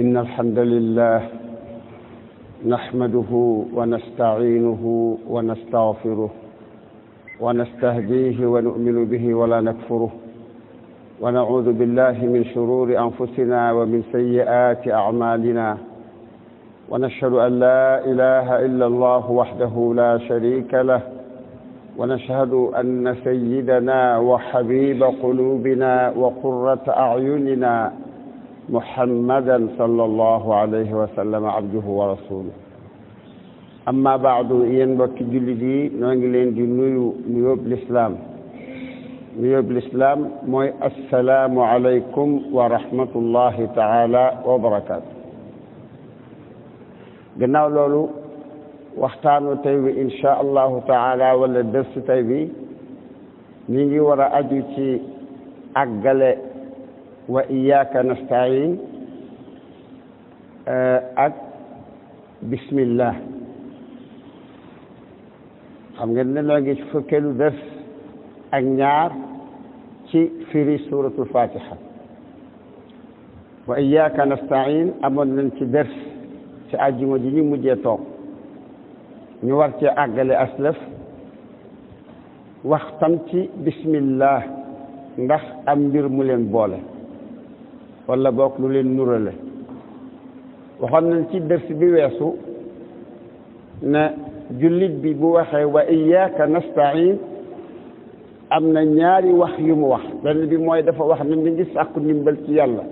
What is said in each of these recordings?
إن الحمد لله نحمده ونستعينه ونستغفره ونستهديه ونؤمن به ولا نكفره ونعوذ بالله من شرور أنفسنا ومن سيئات أعمالنا ونشهد أن لا إله إلا الله وحده لا شريك له ونشهد أن سيدنا وحبيب قلوبنا وقرة أعيننا محمدا صلى الله عليه وسلم عبده ورسوله اما بعد ين بك جلدي نوغي لين دي نويو نيو الاسلام نيو الاسلام موي السلام عليكم ورحمه الله تعالى وبركاته غناو لولو waxtaanu tey ان شاء الله تعالى wala dërs tey bi ñi ngi war a aju wa iyyaka nasta'in eh, ak bismillah xam nga ne noo ngi ci ders ak ñaar ci firi suratul fatiha wa iyyaka nasta'in amoon nañ ci ders ci àjjuma ji ñu mujjee toog ñu war cee àggale aslaf waxtam ci bismillah ndax am mbir mu leen boole walla bokk lu leen nurale waxoon nañ ci dërs bi weesu na jullit bi bu waxee wa iyyaka nasta'in am na ñaari wax yu mu wax benn bi mooy dafa wax ne mi ngi sàkku ndimbal ci yàlla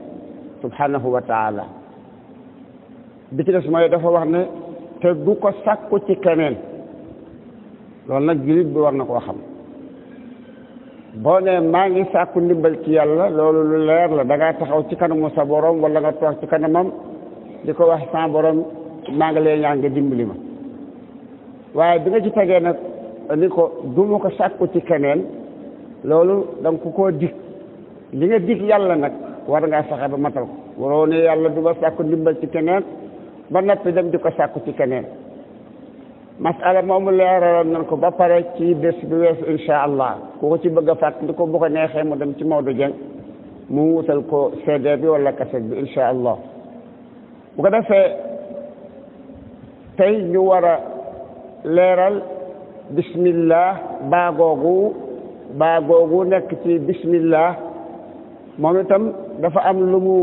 subhanahu wa taala bi ci des mooy dafa wax ne te du ko sàkku ci keneen loolu nag jullit bi war na koo xam boo ne maa ngi sàkku ndimbal ci yàlla loolu lu leer la da taxaw ci kanamu sa borom wala nga toog ci kanamam di ko wax sa borom maa ngi lay ñaan nga dimbali ma waaye bi nga ci tegee nag ni ko du ma ko sàkku ci keneen loolu da nga ko koo dig li nga dig yàlla nag war ngaa fexe ba matal ko waroo ne yàlla du ma sàkku ndimbal ci keneen ba noppi dem di ko sàkku ci keneen masala moomu leeraloon nañ ko ba pare ci bés bi weesu incha allah ku ci bëgg a fàttali ko bu ko neexee mu dem ci Maodo Dieng mu wutal ko CD bi wala kaset bi incha allah bu ko defee tey ñu war a leeral bismillah baagoogu baagoogu nekk ci bismillah moom itam dafa am lu mu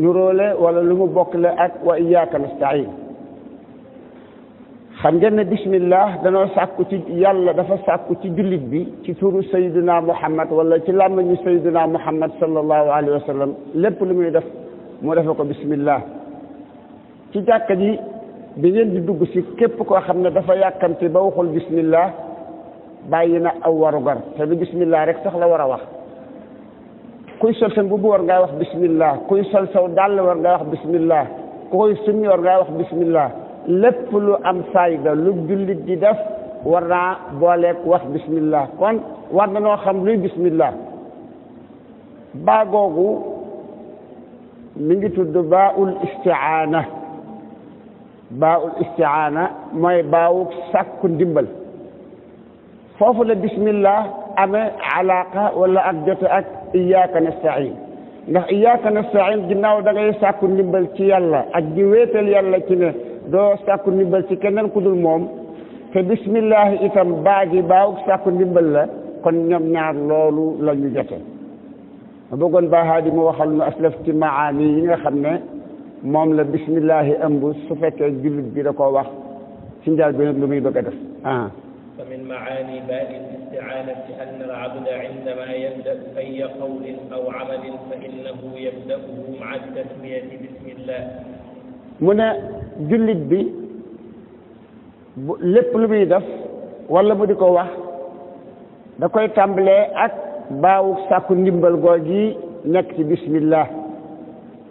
ñuróole wala lu mu bokkle ak wa iyyaka nasta'in xam ngeen ne bismillah danoo sàkku ci yàlla dafa sàkku ci jullit bi ci turu sayduna muhammad wala ci làmmañu sayduna muhammad sallallahu alayhi wa sallam lépp lu muy def mu defe ko bismillah ci jàkka ji bi ngeen di dugg si képp koo xam ne dafa yàkkamti ba waxul bismillah bàyyi na aw warugar te du bismillah rek sax la war a wax kuy sol sa mbubb war ngaa wax bismillah kuy sol saw dàll war ngaa wax bismillah ku koy summi war ngaa wax bismillah lépp lu am saay ga lu jullit di def war naa booleeg wax bismillah kon war na noo xam luy bismillah baa googu mi tudd baa ul istiaana baa ul istiaana mooy baawu sàkku ndimbal foofu la bismillah amee alaaqa wala ak jote ak iyaaka nastain ndax iyaaka nastain ginnaaw da ngay sàkku ndimbal ci yàlla ak di wéetal yàlla ci ne do sàkku ndimbal ci kenen kudul mom te bismillah itam baa baaw sàkku ndimbal la kon ñom ñaar loolu lañu jotté jote ma bëggoon baaxaa di mu waxal nu aslaf ci maani yi nga xamne mom la bismillah ambu su fekke jullit bi da ko wax ci ndal bi lu muy bëgg def ah فمن معاني باب الاستعانة أن العبد عندما يبدأ أي قول أو عمل فإنه يبدأه مع التسمية بسم الله mu ne jullit bi lépp lu muy def wala mu di ko wax da koy tàmbalee ak baawu sàkku ndimbal goo gi nekk ci bismillah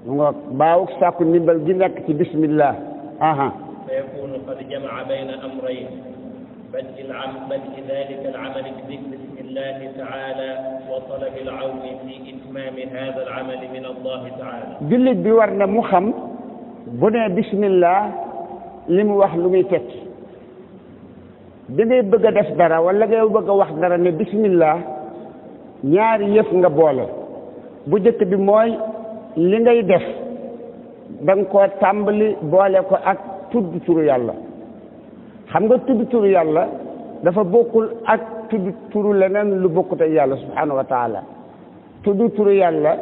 mu ngoog baawu sàkku ndimbal gi nekk ci bismillah aha فيكون قد جمع بين أمرين بدء بدء ذلك العمل بذكر اسم الله تعالى وطلب العون في إتمام هذا العمل من الله تعالى jullit bi war na mu xam bu nee bismillah li mu wax lu muy tekki bi ngay bëgg a def dara walla ngay bëgg wax dara ne bismillah ñaari yëf nga boole bu jëkk bi mooy li ngay def da ko tàmbali boole ko ak tudd turu yàlla xam nga tudd turu yàlla dafa bokkul ak tudd turu leneen lu bokkut yàlla subhanahu wa tudd turu yàlla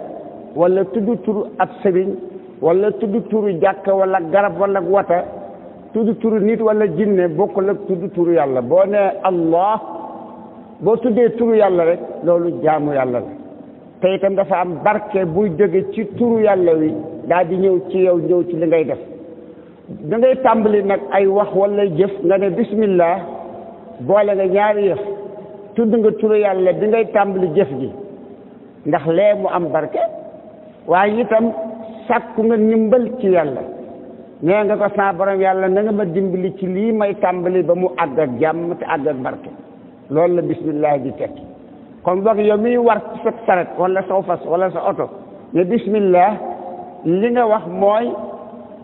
wala tudd turu ab sëriñ wala tudd turu jàkk wala garab wala wata tudd turu nit walla jinne bokkul ak tudd turu yàlla boo nee allah boo tuddee turu yàlla rek loolu jaamu yàlla la te itam dafa am barke buy jóge ci turu yàlla wi daal yi ñëw ci yow ñëw ci li ngay def da ngay tàmbali nag ay wax walla jëf nga ne bismillah boole nga ñaari yëf tudd nga turu yàlla bi ngay tàmbali jëf gi ndax lee mu am barke waaye itam sàkku nga ndimbal ci yàlla nee nga ko sa yàlla na nga ma dimbali ci lii may tàmbali ba mu àgg ak jàmm te àgg ak barke loolu la bismillah di tekki kon boog yow miy war ci sa saret wala sa fas wala sa oto ne bismillah li nga wax mooy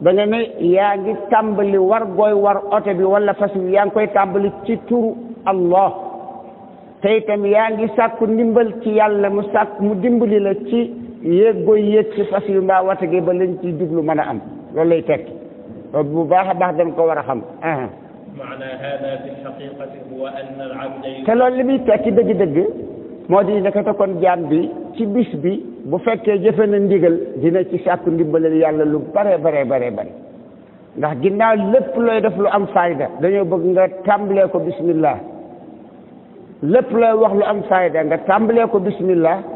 da nga ne yaa ngi tàmbali war gooy war oto bi wala fas bi yaa ngi koy tàmbali ci turu allah te itam yaa ngi sàkku ndimbal ci yàlla mu sàkk mu dimbali la ci yéeg goy yéeg ci fas yu mbaa wata gi ba lañ ciy jublu mën a am loolu lay tekki loolu bu baax a baax dañ ko war a xam uh-huh. te loolu li muy tekki dëgg-dëgg moo di nekkate kon jaam bi ci bis bi bu fekkee jëfe na ndigal dina ci sàkku ndimbalal yàlla lu bare bare bare bare ndax ginnaaw lépp looy def lu am fayda dañoo bëgg nga tàmbalee ko bismillah lépp looy wax lu am fayda nga tàmbalee ko bismillah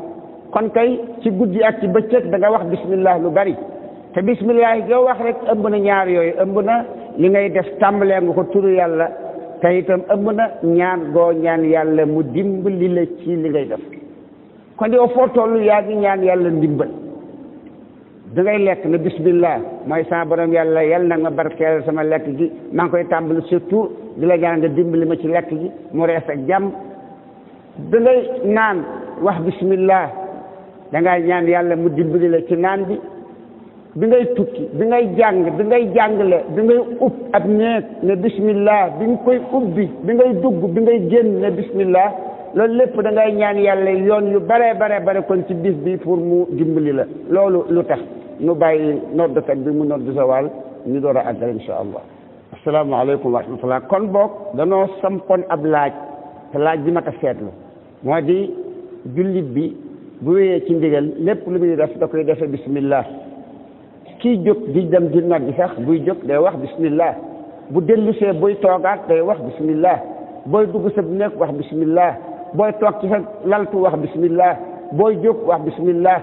kon kay ci guddi ak ci bëccëg danga wax bismillah lu bari te bismillah yoo wax rek ëmb na ñaar yooyu ëmb na li ngay def tàmbalee nga ko turu yàlla te itam ëmb na ñaan goo ñaan yàlla mu dimbali la ci li ngay def kon yow foo toll yaa ñaan yàlla ndimbal da ngay lekk na bismillah mooy sama borom yàlla yàlla na nga barkeel sama lekk gi maa koy tàmbali surtout di la ñaan nga dimbali ma ci lekk gi mu rees ak jàmm da naan wax bismillah da ngay ñaan yàlla mu dimbali la ci naan bi bi ngay tukki bi ngay jàng bi ngay jàngale bi ngay ub ab neeg ne bismillah bi nga koy ubbi bi ngay dugg bi ngay génn ne bismillah loolu lépp da ngay ñaan yàlla yoon yu bare bare bare kon ci bis bi pour mu dimbali la loolu lu tax nu bàyyi noddukat bi mu noddu sa wàll ñu door a àggal insha allah asalaamaaleykum war rahmatullah kon boog danoo sampoon ab laaj te laaj bi ma ko seetlu moo di jullit bi bu wéyee ci ndigal lépp lu muy def da koy defe bismillah kii jóg di dem di nag sax buy jóg day wax bismillah bu dellusee buy toogaat day wax bismillah booy dugg sa nekk wax bismillah booy toog ci sa laltu wax bismillah booy jóg wax bismillah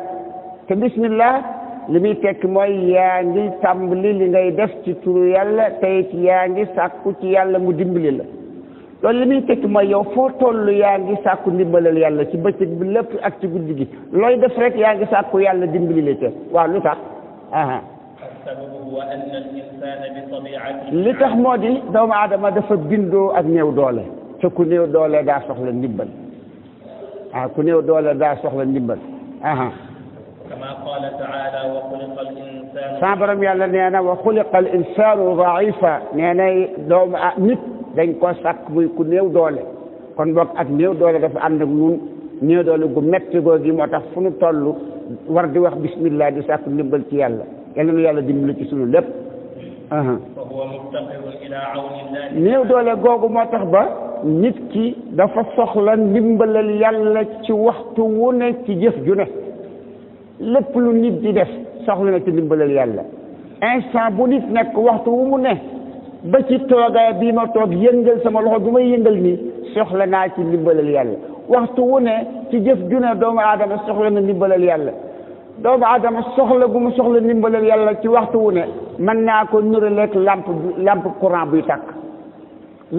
te bismillah li muy tekk mooy yaa ngi tàmbali li ngay def ci turu yàlla tey ci yaa ngi sàkku ci yàlla mu dimbali la lool li muy tekki mooy yow foo toll yaa ngi sàkku ndimbalal yàlla ci bëccëg bi lépp ak ci guddi gi looy def rek yaa ngi sàkku yàlla dimbali la ca waaw lu tax aha li tax moo di doomu aadama dafa bindoo ak néew doole te ku néew doole daa soxla ndimbal ah ku néew doole daa soxla ndimbal aha sa borom yàlla nee na wa xuliqa al insaanu daifa nee na doomu nit dañ ko sàkk muy ku néew doole kon boog ak néew doole dafa ànd ak ñun néew doole gu metti googi moo tax fu nu toll war di wax bismillah di sàkk ndimbal ci yàlla yàlla yàlla dimbali ci sunu lépp néew doole googu moo tax ba nit ki dafa soxla ndimbalal yàlla ci waxtu wu ne ci jëf ju ne lépp lu nit di def soxla na ci ndimbalal yàlla instant bu nit nekk waxtu wu mu ne ba ci toogaay bii ma toog yëngal sama loxo bi yëngal nii soxla naa ci ndimbalal yàlla waxtu wu ci jëf ju doomu aadama soxla na ndimbalal yàlla doomu aadama soxla bu soxla ndimbalal yàlla ci waxtu wu ne mën naa ko nuraleeg lamp lamp courant buy tàkk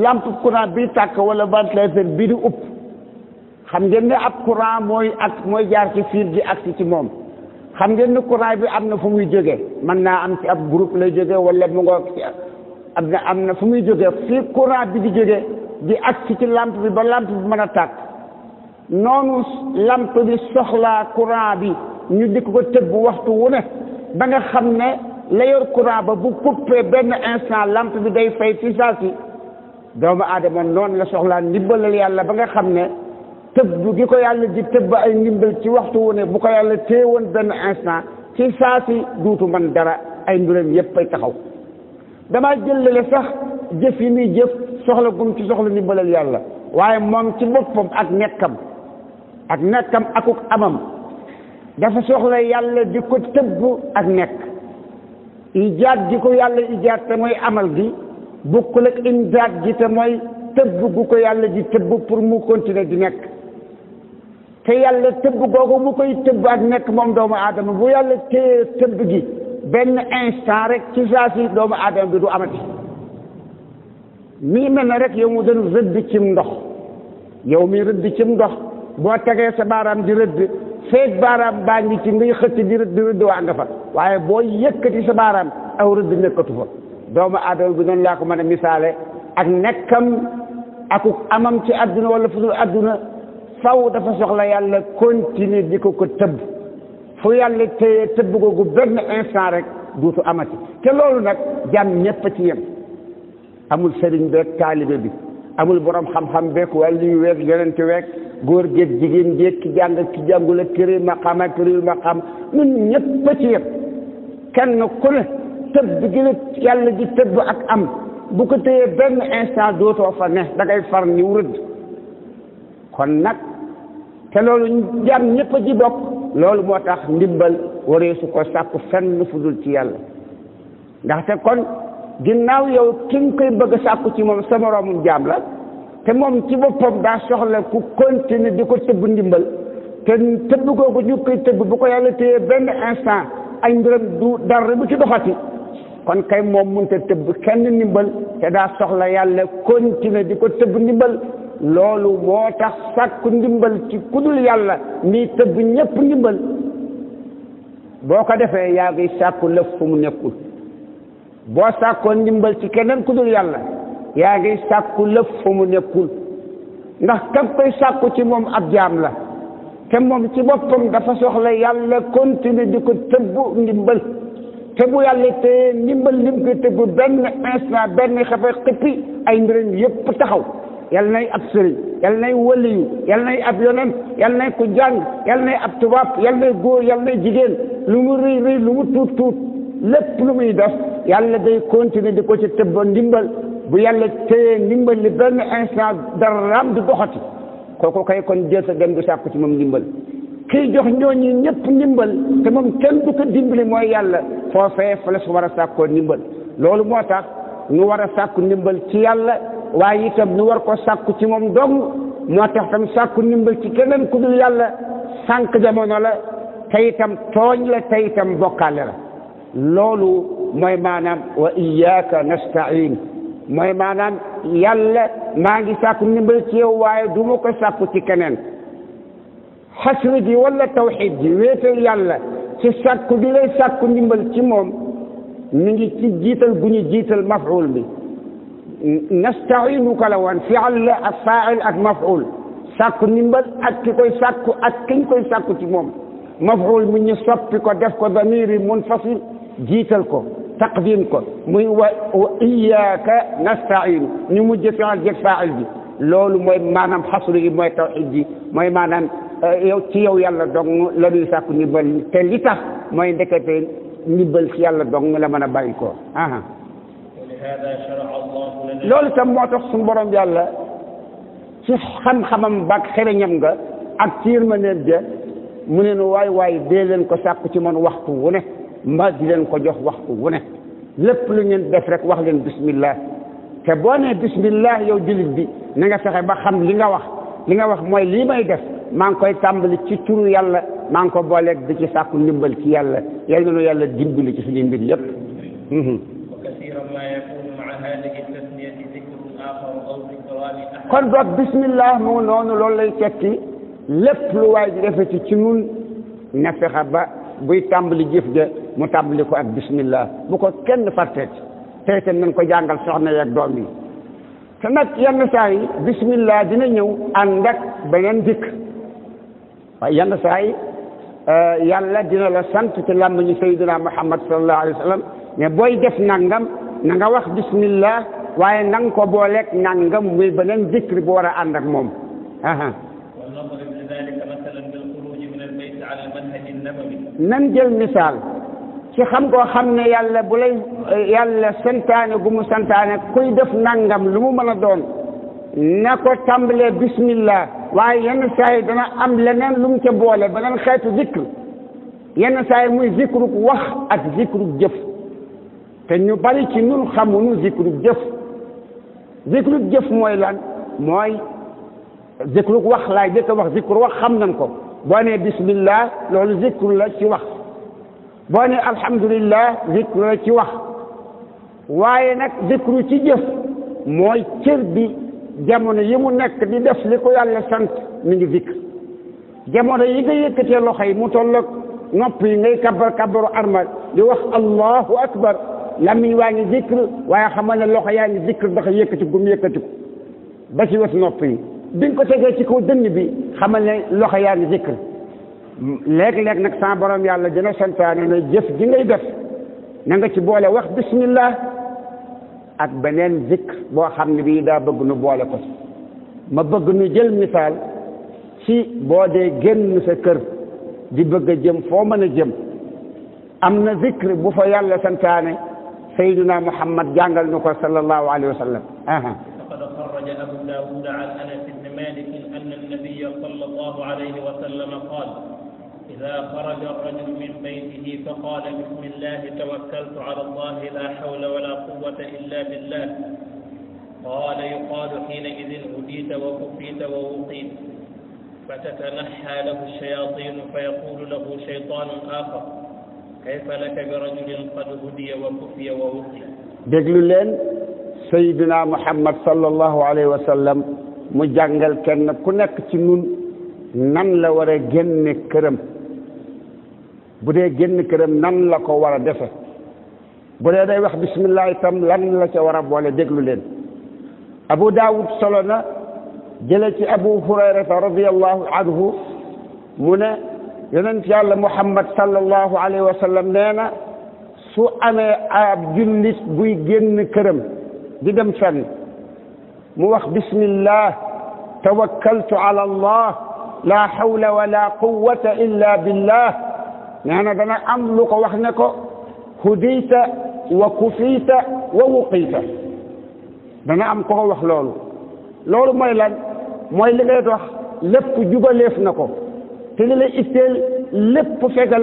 lamp courant biy tàkk wala ventilateur bi di upp xam ngeen ne ab courant mooy ak mooy jaar ci fiir gi ak ci moom xam ngeen ne courant bi am na fu muy jóge mën naa am ci ab groupe lay jóge wala mu ngoog ci am na am na fu muy jógee fii courant bi di jógee di agsi ci lampe bi ba lampe bi mën a tàkk noonu lampe bi soxlaa courant bi ñu dikk ko tëbb waxtu wu ne ba nga xam ne la yor courant ba bu coupé benn instant lampe bi day fay fi saa si doomu aadama noonu la soxlaa ndimbalal yàlla ba nga xam ne tëbb gi ko yàlla di tëbb ay ndimbal ci waxtu wu ne bu ko yàlla téye woon benn instant ci saa si duutu man dara ay ndureem yépp ay taxaw damaa jëllale sax jëf yi muy jëf soxla gum ci soxla ndimbalal yàlla waaye moom ci boppam ak nekkam ak nekkam akuk amam dafa soxla yàlla di ko tëbb ak nekk ijaat gi ko yàlla ijaat te mooy amal gi bukkul ak imdaat gi te mooy tëbb gu ko yàlla di tëbb pour mu continuer di nekk te yàlla tëbb googu mu koy tëbb ak nekk moom doomu aadama bu yàlla téye tëbb gi ben instant rek ci jasi si doomu adam bi du amati mi mel rek yow mu doon rëdd ci ndox yow mi rëdd ci ndox boo tegee sa baaraam di rëdd feet baaraam baa ngi ci ngay xëtt di rëdd rëdd waa nga fa waaye boo yëkkati sa baaraam aw rëdd nekkatu fa doomu aadama bi noonu laa ko mën a misaale ak nekkam aku amam ci àdduna wala fudul dul àdduna faw dafa soxla yàlla continue di ko ko tëbb fu yàlla téye tëbb googu benn instant rek duutu amati te loolu nag jàmm ñépp ci yem amul seriñ beeg taalibe bi amul borom xam-xam beeg wàllu yu weeg yonente weeg góor géeg jigéen ki jàng ki jàngula këri ma xam ak yem kenn ku ne gi la yàlla ji tëbb ak am bu ko téyee benn instant dootoo fa ne da far ni wurëdd kon nag te loolu jàmm ñépp a loolu moo tax ndimbal wareesu ko sàkku fenn fu dul ci yàlla ndaxte kon ginnaaw yow ki nga bëgg sàkku ci moom sa moroomum jaam la te moom ci boppam daa soxla ku continuer di ko tëbb ndimbal te tëbb googu ñu koy tëbb bu ko yàlla téye benn instant ay mbiram du dara bu ci doxati kon kay moom mënta tëbb kenn ndimbal te daa soxla yàlla continuer di ko tëbb ndimbal loolu boo tax sàkku ndimbal ci kudul yàlla mi tëbb ñépp ndimbal boo ko defee yaa ngi sàkku lëf fu mu nekkul boo sàkkoo ndimbal ci keneen kudul yàlla yaa ngi sàkku lëf fu mu nekkul ndax kam koy sàkku ci moom ab jaam la te moom ci boppam dafa soxla yàlla continuer di ko tëbb ndimbal te bu yàlla te ndimbal lim koy tëbb benn instant benn xafe xippi ay mbiram yépp taxaw yal nay ab sëriñ yal nay wëliyu yal nay ab yonent yal nay ku jàng yal nay ab tubaab yal nay góor yal nay jigéen lu mu rëy rëy lu mu tuut tuut lépp lu muy def yàlla day continuer di ko ci tëbba ndimbal bu yàlla téyee ndimbal li benn instant daraam du doxati kooku kay kon jël sa dem ci moom ndimbal kii jox ñooñu ñëpp ndimbal te moom kenn du ko dimbali mooy yàlla foofee fa la su war a sàkkoo ndimbal loolu moo tax ñu war a sàkku ndimbal ci yàlla waaye itam nu war ko sàkku ci moom dong moo tax tam sàkku ndimbal ci keneen ku dul yàlla sànq jamono la te itam tooñ la te itam la loolu mooy maanaam wa iyyaka nasta'in mooy maanaam yàlla maa ngi sàkku ndimbal ci yow waaye du ko sàkku ci keneen xasru ji wala tawxid ji wéetal yàlla ci sàkku bi lay sàkku ci moom mi ngi ci jiital bu jiital maf'ul bi nastainuka la woon fial la ak fail ak mafuul sàkku ndimbal ak ki koy sàkku ak kiñ koy sàkku ci moom mafuul mu soppi ko def ko damiri munfasil jiital ko taqdim ko muy wa iyaaka nastainu ñu mujj fial jeg fail bi loolu mooy maanaam xasru gi mooy tawxid mooy maanaam yow ci yow yàlla dong la ñuy sàkku ndimbal mooy ndekete yàlla dong la mën a bàyyi ko loolu tam moo tax su borom yàlla ci xam-xamam baag xereñam nga ak ci yërmandeem ja mu ne nu waay waay dee leen ko sàkku ci man waxtu wu ne mbaa di leen ko jox waxtu wu ne lépp lu ngeen def rek wax leen bismillah te boo nee bismillah yow jullit bi na nga fexe ba xam li nga wax li nga wax mooy lii may def maa ngi koy tàmbali ci turu yàlla maa ngi ko booleeg di ci sàkku ndimbal ci yàlla yal na nu yàlla dimbali ci suñuy mbir yépp kon boog bismillah mu noonu loolu lay tekki lépp lu waay di defe ci ci ñun na fexe ba buy tàmbali jëf de mu tàmbali ko ak bismillah bu ko kenn farteet tey itam nañ ko jàngal soxna yeeg doom yi te nag yenn saa yi bismillah dina ñëw ànd ak beneen dikk waaye yenn saa yi eh, yàlla dina la sant ci làmmiñu sayyidina muhammad sallallahu alayhi wa booy def nangam na nga wax bismillah waaye na ko booleeg nangam muy beneen zikr bu war a ànd ak moom nan jël misaal ci xam ko xam ne yàlla bu lay yàlla santaane gu mu santaane kuy def nangam lu mu mën a doon na ko tàmbalee bismillah waaye yenn saa yi dana am leneen lu mu boole beneen xeetu zikr yenn saa yi muy zikruk wax ak zikruk jëf te ñu bari ci ñun xamuñu zikruk jëf zikru jëf mooy lan mooy zikru wax laay jëkk wax zikru wax xam nan ko boo nee bismillah loolu zikru la ci wax boo nee alhamdulillah zikru la ci wax waaye nag zikru ci jëf mooy cër bi jamono yi mu nekk di def li ko yàlla sant mi ngi zikr jamono yi nga yëkkatee loxo yi mu tolloog nopp yi ngay kabar kabaru armal di wax allahu akbar lammiñ waa ngi zikr waaye xamal ne loxo yaa ngi zikr dafa yëkkati gum yëkkati ko ba si was nopp yi bi nga ko tegee ci kaw dënn bi xamal ne loxo yaa ngi zikr léeg-léeg nag sa borom yàlla dina santaane ne jëf ji ngay def na nga ci boole wax bismillah ak beneen zikr boo xam ne bii daa bëgg nu boole ko ma bëgg nu jël misaal ci boo dee génn sa kër di bëgg a jëm foo mën a jëm am na zikr bu fa yàlla santaane سيدنا محمد جانغل نكو صلى الله عليه وسلم أها. فقد خرج أبو داود عن أنس بن مالك أن النبي صلى الله عليه وسلم قال إذا خرج الرجل من بيته فقال بسم الله توكلت على الله لا حول ولا قوة إلا بالله قال يقال حينئذ هديت وكفيت ووقيت فتتنحى له الشياطين فيقول له شيطان آخر kayfa laka bi rajulin qad hudiya wa kufiya wa wuqiya déglu leen sayyidina muhammad sallallahu alayhi wa mu jàngal kenn ku nekk ci nun nan la war a génne këram bu dee génn këram nan la ko war a defe bu dee day wax bismillah itam lan la ca war a déglu leen abu daawud solo na jële ci abu hurayrata anhu mu ne yonent yàlla muhammad sallallahu alayhi su amee ab jullit buy génn këram di dem mu wax bismillah tawakkaltu ala allah la hawla wala quwwata illa billah nee na am lu wax ne ko wa kufiita wa wuqiita dana am ko wax loolu loolu mooy lan mooy li ngay wax lépp jubaleef na ko بسم الله توكلت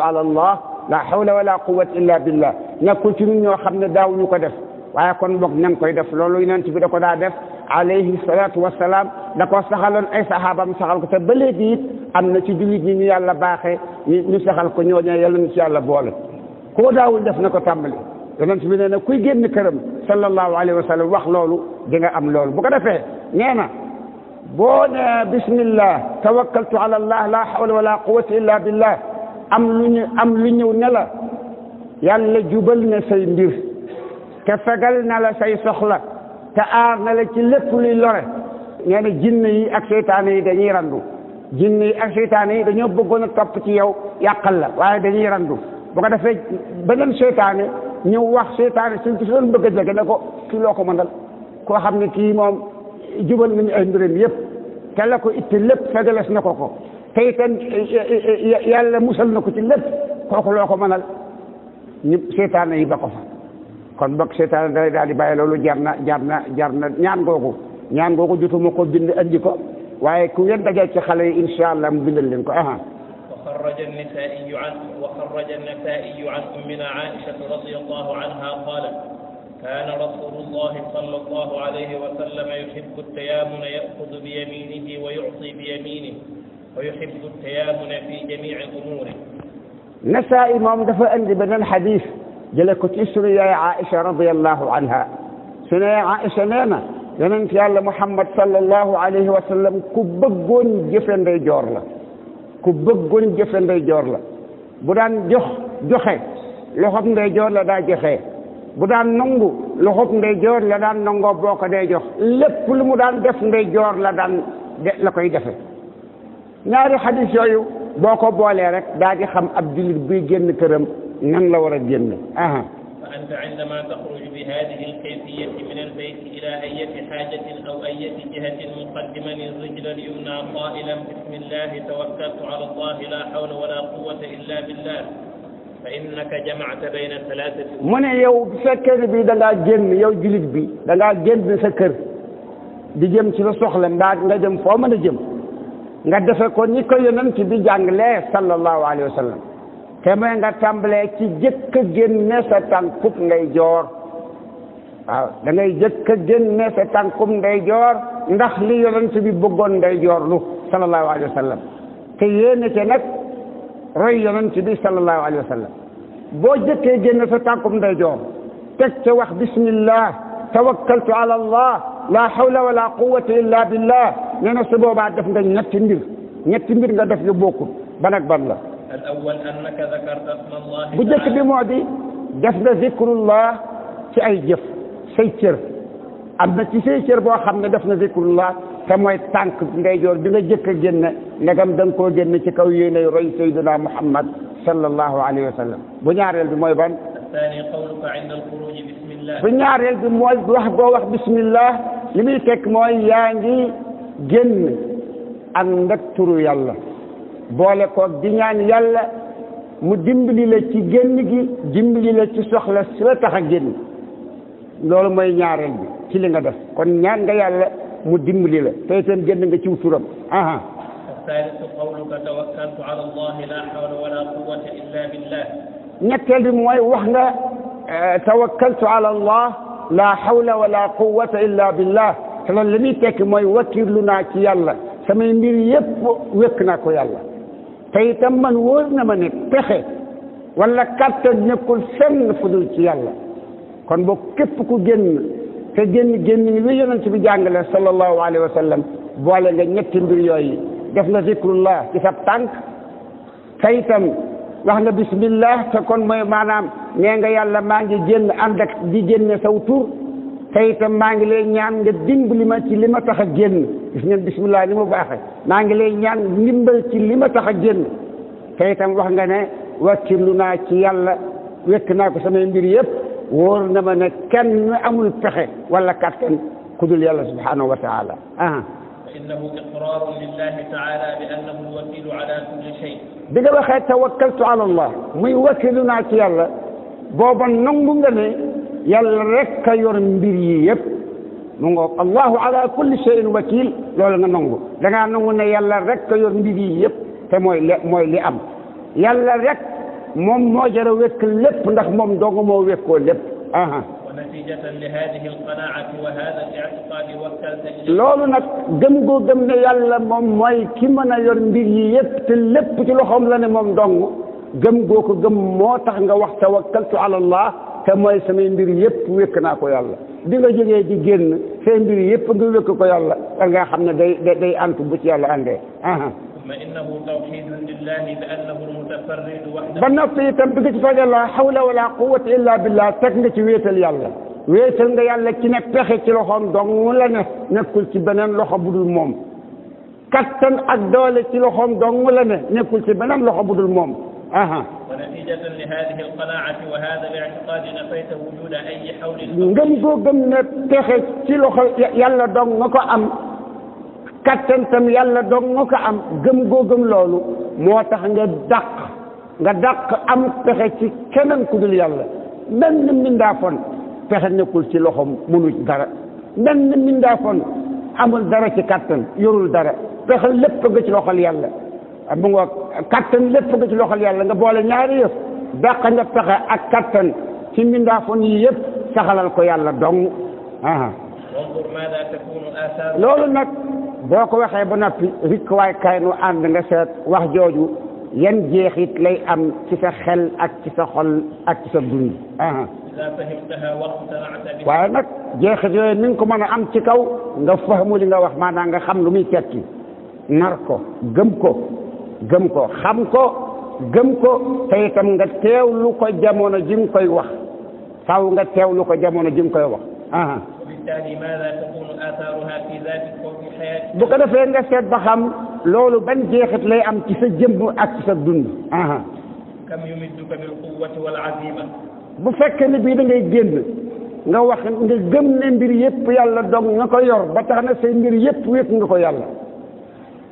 على الله لا حول ولا قوة إلا بالله نكتم نوح من داو نكدف waaye kon bokk na nga koy عليه الصلاة والسلام دكو سخالون أي صحابة مسخال كتب بلديت أم نتجلي جيني على باخي مسخال كنيونا يلن سيال بول كودا ولدف نكو تملي يلن سبينا نكوي جيب نكرم صلى الله عليه وسلم وخ لولو دينا أم لولو بكرة فيه نينا بونا بسم الله توكلت على الله لا حول ولا قوة إلا بالله أم لني أم لني ونلا يلا جبلنا سيندير كفقلنا لسي سخلك te aar na la ci lépp luy lore nee na jinne yi ak seytaane yi dañuy randu jinne yi ak seytaane yi dañoo bëggoon a topp ci yow yàqal la waaye dañuy randu bu ko defee beneen seytaane ñu wax seytaane suñ ko si doon bëgg a jege ko kii loo ko mënal koo xam ne kii moom jubal nañu ay mbiram yëpp te la ko itti lépp si na ko ko te itam yàlla musal na ko ci lépp kooku loo ko mënal ñu seytaane yi ba ko fa kon bokk seetaan day daal di bàyyi loolu jar na jar na jar na ñaan googu ñaan googu jotuma ko bind andi ko waaye ku ngeen dajee ci xale yi incha allah mu bindal leen ko aha وخرج النسائي عن وخرج النسائي عن أمنا عائشة رضي الله عنها قالت كان رسول الله صلى الله عليه وسلم يحب التيامن يأخذ بيمينه ويعطي بيمينه ويحب التيامن في جميع أموره نسائي ما مدفع عندي بدل الحديث جلك تسري يا عائشة رضي الله عنها سنة يا عائشة نينا لننت يا الله محمد صلى الله عليه وسلم كبقون جفن دي جورلا كبقون جفن دي جورلا بدان جخ جخي لخم دي جورلا دا جخي بدان ننغو لخم دي جورلا دان ننغو بوك دي جخ لب المدان دف دي جورلا دان لكي دفن ناري حديث يويو boko bolé rek daaji xam abdul bi génn kërëm لا ورا الجنة أها فأنت عندما تخرج بهذه الكيفية من البيت إلى أية حاجة أو أية جهة مقدما الرجل اليمنى قائلا بسم الله توكلت على الله لا حول ولا قوة إلا بالله فإنك جمعت بين ثلاثه من يو سكر بي دا جن يو جلد بي دنجا جن سكر di jëm ci la soxla nda nga jëm fo mëna jëm nga defe ko ni ko yonent bi jàngale sallallahu alayhi wasallam te nga tàmbalee ci jëkk a sa tànkub ndeyjoor waaw da ngay jëkk a génne sa tànkub ndeyjoor ndax li yonent bi bëggoon ngay joor lu wa sallam te yéene ci nag roy yonent bi sallallahu alayhi wa sallam boo jëkkee génne sa tànkub ndeyjoor teg ca wax bismillah tawakkaltu ala la hawla wala quwwata illa billah nee na su boobaa def nga ñetti mbir ñetti mbir nga def yu bokkul ban ak ban la الأول أنك ذكرت اسم الله bu njëkk bi moo di def na zikrullah ci ay jëf say cër am na ci say cër boo xam ne def na zikrullah te mooy tànk ndeyjoor bi nga jëkk a génn ndegam da nga koo génn ci kaw yéenay roy sayduna muhammad sallallahu alayhi wa sallam bu ñaareel bi mooy ban الثاني قولك عند الخروج بسم الله bu ñaareel bi mooy wax boo wax bismillah li muy teg mooy yaa ngi génn ànd ak turu yàlla boole koog di ñaan yàlla mu dimbali la ci génn gi dimbali la ci soxla si la tax a génn loolu mooy ñaareel bi ci li nga def kon ñaan nga yàlla mu dimbali la te itam génn nga ciw turam aha athalitu qawluka tawakkaltu ala allahi la hawla wala quwwata illa bi mooy wax nga eh, tawakkaltu ala allah la hawla wala quwwata illa billah te loolu li muy tekki mooy wakkirlu naa ci yàlla samay mbir yépp wékk naa ko yàlla te itam man wóor na ma ne pexe wala kàttan nekkul fenn fu dul ci yàlla kon boo képp ku génn te génn génn wi yonent bi jàngale sallallahu alayhi wa sallam boole nga ñetti mbir yooyu def nga zikrullah ci sab tànk te itam wax nga bismillah te kon mooy maanaam nee nga yàlla maa ngi génn ànd ak di génne saw tur te itam maa ngi lay ñaan nga dimbali ma ci li ma tax a génn gis ngeen bisimilah ni mu baaxee maa ngi lay ñaan ndimbal ci li ma tax a génn te itam wax nga ne wàkkilu naa ci yàlla wekk naa ko samay mbir yëpp wóor na ma ne kenn amul pexe wala kàttan ku dul yàlla subhanahu wa taala ah إنه إقرار لله تعالى بأنه الوكيل على كل شيء بيغا وخي توكلت على الله مي وكيلنا تي يالا بوبا نانغو nga ne yàlla rek a yor mbir yi yëpp mu ngoog allahu ala kulli shay'in wakil loolu nga nangu da ngaa nangu ne yàlla rek a yor mbir yi yëpp te mooy li mooy li am yàlla rek moom moo jar a wékk lépp ndax moom dong moo wékkoo lépp aha loolu nag gëm goo gëm ne yàlla moom ki mën a yor mbir yi yëpp te lépp ci loxoom la ne moom dong gëm goo ko moo tax nga wax tawakkaltu ala allah te mooy samay mbir yépp wékk naa ko yàlla bi nga jógee di génn say mbir yépp nga wékk ko yàlla da nga xam ne day day antu bu ci yàlla àndee ma innahu tawxidun lillahi bi annahu almutafarrid wahdahu ba noppi itam bi nga ci fajal la hawla wala quwwata illa billah teg nga ci wéetal yàlla wéetal nga yàlla ci ne pexe ci loxoom dong la ne nekkul ci beneen loxo bu dul moom kattan ak doole ci loxoom dong la ne nekkul ci beneen loxo bu dul moom ونتيجة لهذه القناعة وهذا الاعتقاد نفيت وجود أي حول ngëm goo gëm ne texe ci loxo yàlla dong nga ko am kattan tam yàlla dong nga ko am gëm goo gëm loolu moo tax nga dàq nga dàq am pexe ci keneen ku dul yàlla benn mindaafon pexe nekkul ci loxom mënu dara benn mindaafon amul dara ci kattan yorul dara pexe lépp nga ci loxol yàlla mu ngoog kattan lépp nga ci loxol yàlla nga boole ñaari yëf dàq nga pexe ak kattan ci mbindaafoon yi yëpp saxalal ko yàlla dong aha loolu nag boo ko waxee ba noppi rikk waay kay nu ànd nga seet wax jooju yan jeexit lay am ci sa xel ak ci sa xol ak ci sa dund aha waaye nag jeexit yooyu ni nga ko mën a am ci kaw nga fahmu li nga wax maanaam nga xam lu muy tekki nar ko gëm ko gëm ko xam ko gëm ko te itam nga teewlu ko jamono ji nga koy wax faaw nga teew lu ko jamono ji nga koy wax aha bu ko defee nga seet ba xam loolu ban jeexit lay am ci sa jëmm ak ci sa dund bu fekkee ni bii da ngay génn nga wax nga gëm ne mbir yëpp yàlla dong nga ko yor ba tax na say mbir yëpp wéet nga ko yàlla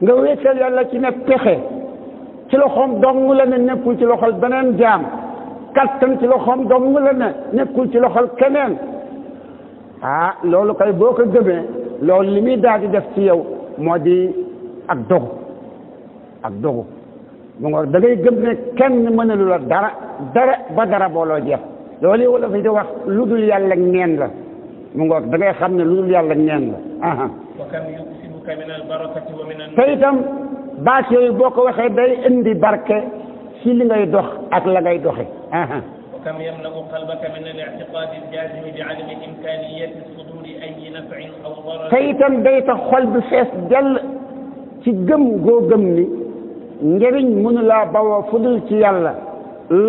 nga wéetal yàlla ci ne pexe ci loxoom dong la ne nekkul ci loxol beneen jaam kattan ci loxoom dong la ne nekkul ci loxol keneen ah loolu kay boo ko gëmee loolu li muy daal di def ci yow moo di ak dogu ak dogu mu ngoor da ngay gëm ne kenn mënalu la dara dara ba dara booloo jeex loolu wala fi di wax lu dul yàlla neen la mu ngoor da ngay xam ne lu dul yàlla neen la يعوذك من البركة ومن النار وخي داي اندي بركة في اللي غاي دوخ أك لا غاي دوخي أها وكم يملأ قلبك من الاعتقاد الجازم بعدم إمكانية صدور أي نفع أو ضرر فإذا بيت خلب فيس جل ci gëm goo gëm ni njëriñ mënu laa bawoo fudul ci yàlla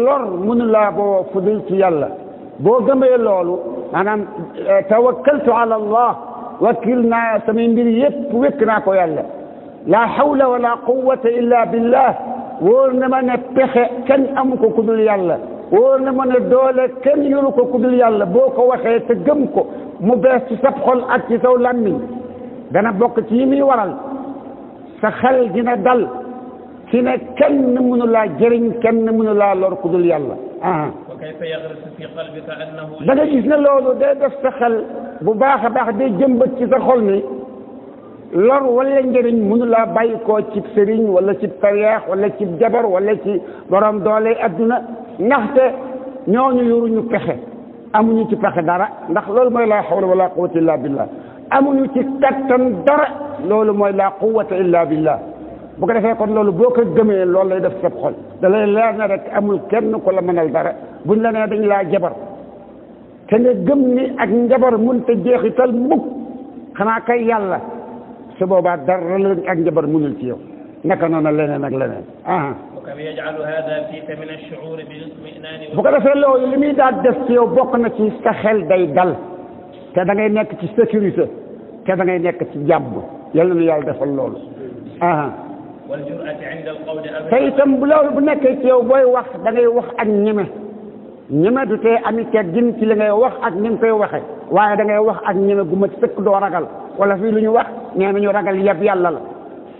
lor mënu laa bawoo fudul ci yàlla boo gëmee loolu maanaam eh, tawakkaltu ala allah وكلنا يب وكنا كويلا لا حول ولا قوة إلا بالله ورنما نبخ كن أمكو كدل يلا ورنما ندول كن يلوكو كدل يلا بوكو وخي تجمكو مباس سبخل أكتو لمي dana bokk ci yi muy waral sa xel كن من الله جرين كن من الله لور كدل mënu آه. da nga gis ne loolu day def sa xel bu baax a baax day jëmbat ci sa xol ni lor wala njëriñ mënu laa bàyyi koo ci sëriñ wala ci tariix wala ci jabar wala ci borom doole adduna ndaxte ñooñu yoruñu pexe amuñu ci pexe dara ndax loolu mooy laa xawla wala quwata illa billah amuñu ci kattan dara loolu mooy laa quwata illa billah bu ko defee kon loolu boo ko gëmee loolu lay def sab xol da lay leer ne rek amul kenn ku la mënal dara buñ la nee dañ laa jabar te nga gëm ni ak njabar mun te jeexital mukk xanaa kay yàlla su boobaa dara la ak njabar munul ci yow naka noonu leneen ak leneen ah bu ko defee loolu li muy daal def ci yow bokk na ci sa xel day dal te da ngay nekk ci sécurité te da ngay nekk ci jàmm yàlla nu yàlla defal loolu ah te itam bu loolu bu nekkee ci yow booy wax da ngay wax ak ñeme ñeme du tee ami teggin ci li ngay wax ak ni nga koy waxe waaye da ngay wax ak ñeme gu ma sëkk doo ragal wala fii lu ñu wax nee nañu ragal yeb yàlla la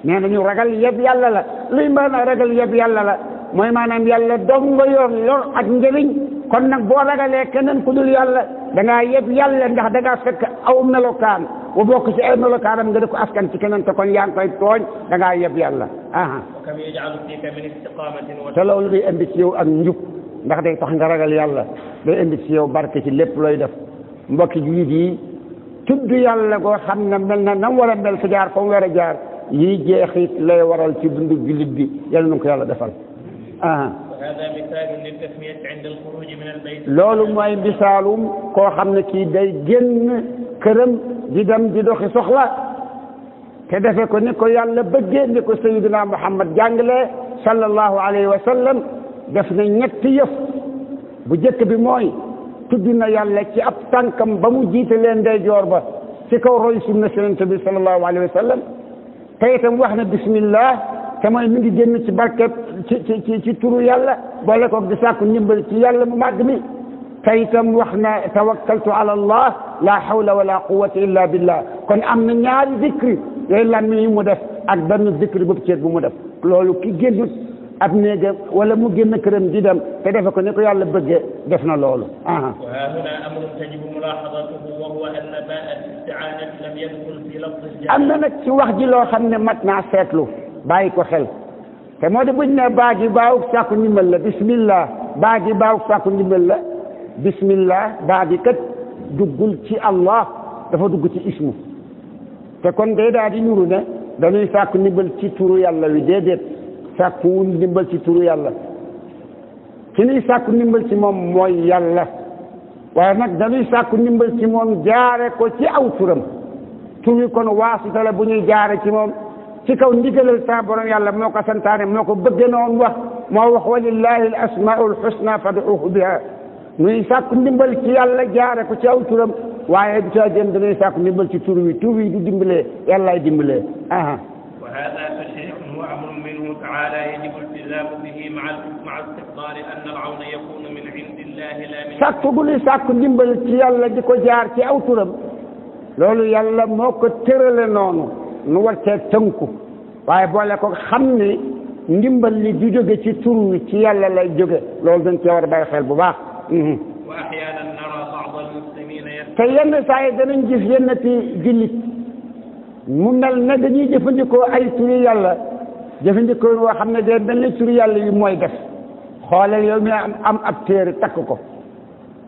nee nañu ragal yeb yàlla la luy maanaam ragal yeb yàlla la mooy maanaam yàlla dong nga yor lor ak njëriñ kon nag boo ragalee keneen ku dul yàlla da ngaa yeb yàlla ndax da ngaa fekk aw melokaan bu bokk ci ay melokaanam nga def ko askan ci keneen te kon yaa ngi koy tooñ da ngaa yeb yàlla aha te loolu day indi ci yow ak njub ndax day tax nga ragal yàlla day indi ci yow barke ci lépp looy def mbokk jullit yi tudd yàlla goo xam ne mel na nam war a mel fa jaar ko mu war a jaar yii jeexit lay waral ci dundu julit bi yàlla na ko yàlla defal ah loolu mooy misaalum koo xam ne kii day génn këram di dem di doxi soxla te defe ko ni ko yàlla bëggee ni ko sayidina muhammad jàngale sallallahu alayhi wa sallam def na ñetti yëf bu jëkk bi mooy tudd na yàlla ci ab tànkam ba mu jiite leen ndeyjoor ba ci kaw roy sunna yonent bi sallallahu alayhi wa sallam te itam wax na bismillah te mooy mi ngi génn ci barke ci ci ci turu yàlla boole koog di sàkku ndimbal ci yàlla mu màgg mi te itam wax na tawakkaltu ala allah la hawla wala quwwata illa billah kon am na ñaari zikri yooyu lan mi mu def ak benn zikri boobu ceet bu mu def loolu ki génnut ab néegam wala mu génn këram di dem te defe ko ni ko yàlla bëgge def na loolu aha wa hahuna amrun tajibu wa huwa anna baa al-isti'anati lam yadkhul am na nag ci wax ji loo xam ne mat naa seetlu bàyyi ko xel te moo di buñ ne baa gi baaw sàkku la bismillah baa gi baaw sàkku ndimbal la bismillah baa duggul ci allah dafa dugg ci ismu te kon day daal nuru ne dañuy sàkku ndimbal ci turu yàlla wi déedéet sàkkuwuñ ndimbal ci turu yàlla ci ñuy sàkku ndimbal ci moom mooy yàlla waaye nag dañuy sàkku ndimbal ci moom jaare ko ci aw turam tur wi kon waasita bu ñuy jaare ci moom ci kaw ndigalal sa borom yàlla moo ko santaane moo ko bëgge noonu wax moo wax walillahi al asmaul xusna faduuhu nuy sàkku ndimbal ci yàlla ko ci aw turam waaye bu caa jëm dañuy sàkku ndimbal ci tur wi tur wi du dimbalee yàllaay dimbalee aha تعالى يجب التزام به مع مع الاستقرار أن العون يكون من عند الله لا من sàkk gu ñuy ndimbal ci yàlla di ko jaar ci aw turam loolu yàlla moo ko tërale noonu nu war cee tënku waaye boole ko xam ne ndimbal li du joge ci tur ci yàlla lay jóge loolu dañ cee war a bàyyi xel bu baax. wa ahyaanan naraa ba'da al-muslimiina te yenn saa yi danañ gis yenn ti jullit mu mel ne dañuy jëfandikoo ay turi yàlla. jëfandikoo woo xam ne de dañ la tur yàlla yi mooy def xoolal yow mi am am ab téere takk ko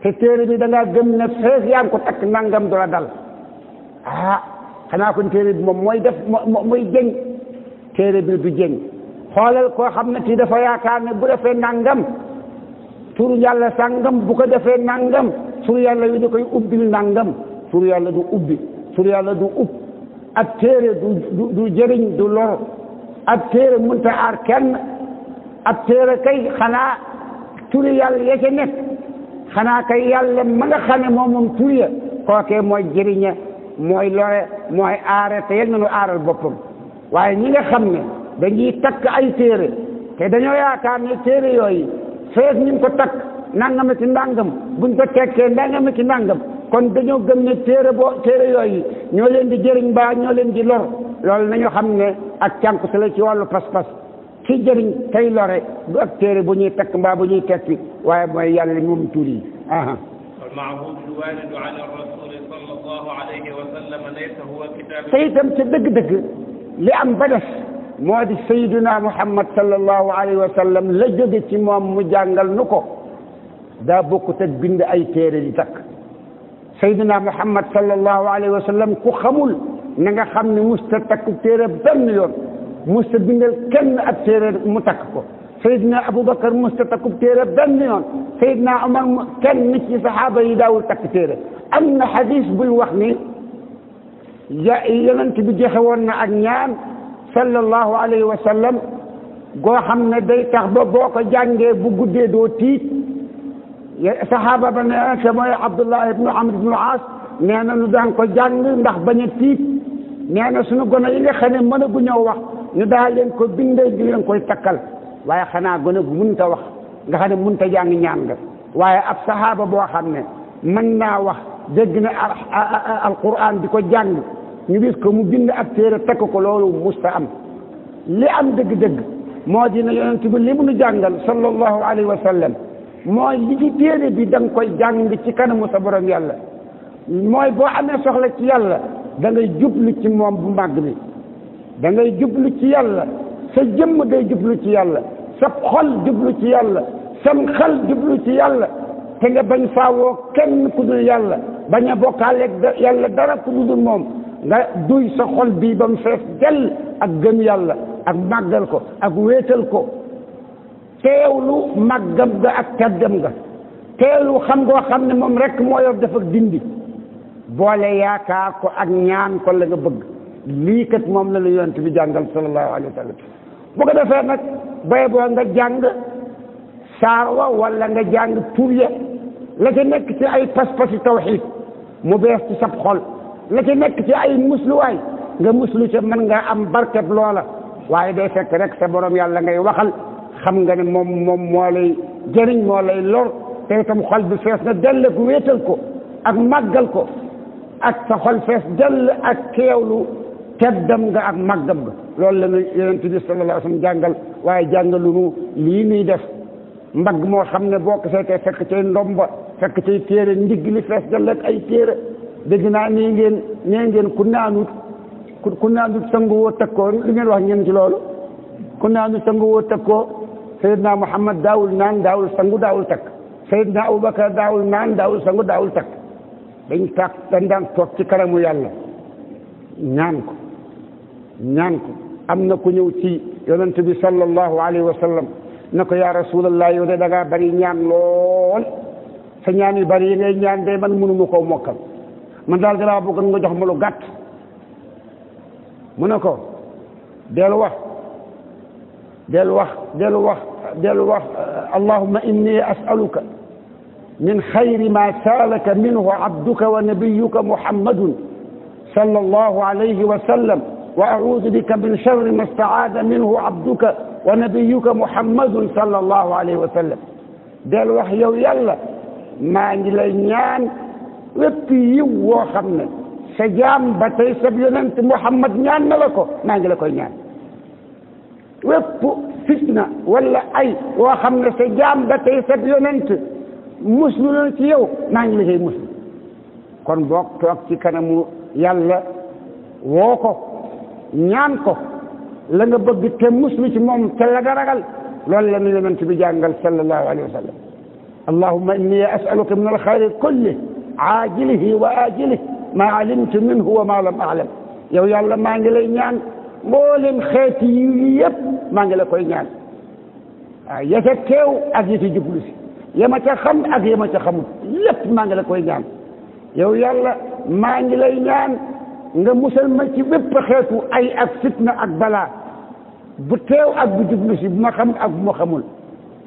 te téere bi da ngaa gëm ne fees yaa ngi ko takk nangam du la dal ah xanaa kon téere bi moom mooy def mooy jëng téere bi du jëng xoolal koo xam ne kii dafa yaakaar ne bu defee nangam tur yàlla sàngam bu ko defee nangam tur yàlla yi da koy ubbil nangam tur yàlla du ubbi tur yàlla du ub ak téere du du jëriñ du lor ab téere mënta aar kenn ab téere kay xanaa turi yàlla ya ca nekk xanaa kay yàlla ma nga moom moom turi ya kookee mooy jëriñe mooy lore mooy aare te yal na nu aaral boppam waaye ñi nga xam ne dañuy takk ay téere te dañoo yaakaar ne téere yooyu fees ñu ko takk nangam ci ndàngam buñ ko tekkee ndangam ki ndàngam kon dañoo gëm ne téere boo téere yooyu ñoo leen di jëriñ mbaa ñoo leen di lor loolu nañu xam ne ak cànku la ci wàllu pas-pas ki jëriñ kay lore du ak téere bu ñuy takk mbaa bu ñuy tekki waaye mooy yàlla li moom tur yi aha te itam ca li am ba des di sayyiduna muhammad sallallahu alayhi ci moom mu jàngal nu ko daa bokkut ak bind ay téere di takk سيدنا محمد صلى الله عليه وسلم كو خمول نغا خامني مست تاك تير بن يور مست بينل كن اب تير سيدنا ابو بكر مست تاك تير بن يور سيدنا عمر كن نتي صحابه يداول تاك تير اما حديث بو وخني يا يلانتي بي جيخوننا اك نيان صلى الله عليه وسلم غو خامني داي تاخ بو بوكو جانغي بو غودي دو تيت صحابة بن سموية عبد الله بن عمرو بن عاص نانا ندان كو جاني ندخ بني تيت نانا سنو قنا إلي خاني منا قنا وح ندان لين كو بندي جلين كو يتكال وايا خانا قنا قمنت وح لخانا منتا جاني نانا وايا أب صحابة بوا خانا منا وح دقنا القرآن بكو جاني نبيس كو مبين أب تير تكو كلولو مستعم لأم دق دق موجينا يونتبو لمنو جانجل صلى الله عليه وسلم mooy li ci téere bi da koy jàng ci kanamu sa borom yàlla mooy boo amee soxla ci yàlla dangay ngay jublu ci moom bu màgg bi da jublu ci yàlla sa jëmm day jublu ci yàlla sa xol jublu ci yàlla sam xel jublu ci yàlla te nga bañ faawoo kenn ku yàlla bañ a bokkaaleeg yàlla dara ku dul moom nga duy sa xol bii ba mu fees dell ak gën yàlla ak màggal ko ak wéetal ko teewlu màggam ga ak teddam ga teewlu xam goo xam ne moom rek moo yor def ak dindi boole yaakaar ko ak ñaan ko la nga bëgg lii kat moom la la yonent bi jàngal sallallahu alayhi wa sallam bu ko defee nag bay boo nga jàng saar wala nga jàng tur la ca nekk ci ay pas-pasi tawxiid mu bees ci sab xol la ca nekk ci ay musluwaay nga muslu ca mën nga am barkeb loola waaye day fekk rek sa borom yàlla ngay waxal xam nga ne moom moom moo lay jëriñ moo lay lor te itam xol bi fees na dell ku wéetal ko ak màggal ko ak sa xol fees dell ak teewlu teddam nga ak màggam nga loolu la ñu yonent bi sallallahu alayhi wasallam jàngal waaye jàngalu nu lii nuy def mbagg moo xam ne boo ko seetee fekk cay ndomba fekk cay téere ndigg li fees dell ak ay téere dégg naa nee ngeen nee ngeen ku naanut ku naanut sangu woo takkoo li ngeen wax ngeen ci loolu ku naanut sangu woo takkoo sayidna Muhammad daawul naan daawul sangu daawul takk sayidna Abubakar daawul naan daawul sangu daawul takk dañ dañ daan toog ci kanamu yàlla ñaan ko ñaan ko am na ku ñëw ci yonent bi sallallahu alayhi wa sallam na ko yaa rasulallah yow de da bari ñaan lool sa ñaan yu bari yi ngay ñaan de man mënuma koo mokkal man daal danaa bëgg nga jox ma lu gàtt mu ne ko dellu wax ده الوقت ده الوقت ده الوقت اللهم إني أسألك من خير ما سالك منه عبدك ونبيك محمد صلى الله عليه وسلم وأعوذ بك من شر ما استعاذ منه عبدك ونبيك محمد صلى الله عليه وسلم del wax يلا ما maa ngi lay ñaan wépp yiw woo xam ne sa jaam ba tey wépp fitna wala ay woo xam ne sa ba tey sab yonent muslu loon ci yow maa ngi la koy muslu kon boog toog ci kanamu yàlla woo ko ñaan ko la nga bëgg te muslu ci moom te la nga ragal loolu la nu yonent bi jàngal sallallahu alayhi wa sallam allahumma inni as'aluka min alxayri kulli aajilihi wa aajilihi ma alimtu minhu wa ma lam alam yow yàlla maa ngi lay ñaan mboolem xeeti yiw yi yëpp maa ngi la koy ñaan waaw ya ca teew ak ya ca jublu si yama ca xam ak yama ca xamut lépp maa ngi la koy ñaan yow yàlla maa ngi lay ñaan nga musal ma ci bépp xeetu ay ak fitna ak balaa bu teew ak bu jublu si bu ma xam ak bu ma xamul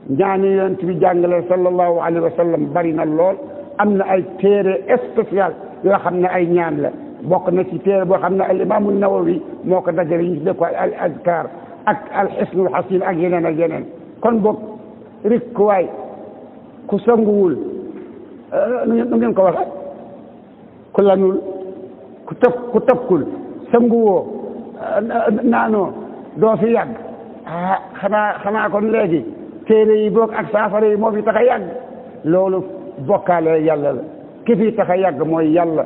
ñaani yonent bi jàngale sallallahu alayhi wa sallam bari na lool am na ay téere spécial yoo xam ne ay ñaan la bokk na ci téere boo xam ne al imaamu nawawi moo ko dajale ñu tuddee ko al azkar ak al xisnul xasin ak yeneen ak yeneen kon boog rikkuwaay ku sanguwul euh, nu ngeen ko waxe ku lanul ku tëb ku tëbkul sanguwoo euh, naanoo doo fi yàgg ah xanaa xanaa kon léegi téere yi boog ak saafara yi moo fi tax a yàgg loolu bokkaale yàlla la ki fi tax a yàgg mooy yàlla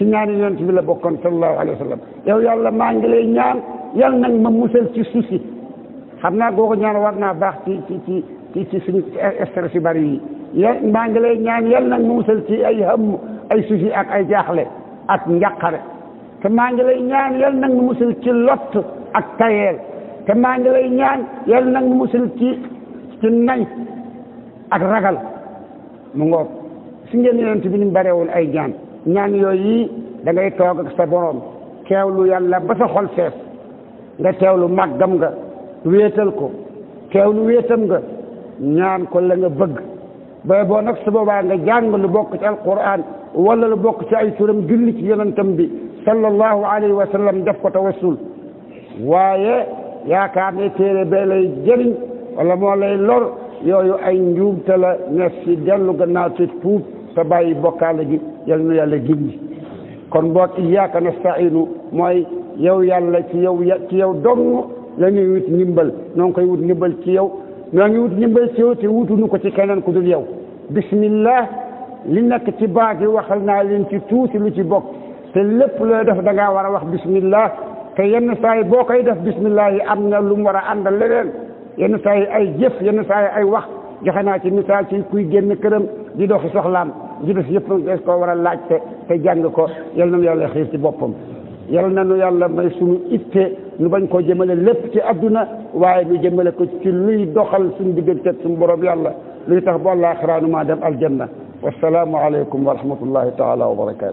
ci ñaari yonent bi la bokkoon sallallahu alayhi wa maa ngi lay ñaan yal nag ma musal ci suuf si xam naa googu ñaan war naa baax ci ci ci ci ci yu bari yi yal maa ñaan yal nag ma musal ci ay xam ay suuf ak ay jaaxle ak njàqare te maa ngi ñaan yal nag ma musal ci lott ak tayel te maa ngi lay ñaan yal nag ma musal ci ci nañ ak ragal mu ngoog su ngeen yonent bi ni mu ay ñaan ñaan yooyu da dangay toog ak sa borom teewlu yàlla ba sa xol fees nga teewlu màggam nga wéetal ko teewlu wéetam nga ñaan ko la nga bëgg bay boo nag su boobaa nga jàng lu bokk ci alquran wala lu bokk ci ay turam julli ci yonentam bi sallallahu alayhi wa sallam def ko tawassul waaye yaakaar ne téere bee lay jëriñ wala moo lay lor yooyu ay njuumte la ñes si dellu gannaaw ci tuub bàyyi bokkaale ji yal na yàlla gindi kon boog iyyaka nasta'inu mooy yow yàlla ci yow ci yow dong la ñuy wut ndimbal noo ngi koy wut ndimbal ci yow noo ngi wut ndimbal ci yow te wutunu ko ci keneen ku dul yow bismillah li nekk ci baat yi waxal naa leen ci tuuti lu ci bokk te lépp looy def danga ngaa war a wax bismillah te yenn saa yi boo koy def bismillah yi am na lu mu war a àndal leneen yenn saa yi ay jëf yenn saa yi ay wax joxe naa ci misaal ci kuy génn këram di doxi jullit yëpp des koo war a laajte te jàng ko yal nañu yàlla xiir ci boppam yal nañu yàlla may suñu itte nu bañ koo jëmale lépp ci adduna waaye nu jëmale ko ci luy doxal suñu diggante suñu borom yàlla luy tax ba àllaaxira nu maa dem aljanna wasalaamu aleykum wa rahmatullahi taala wa barakaatu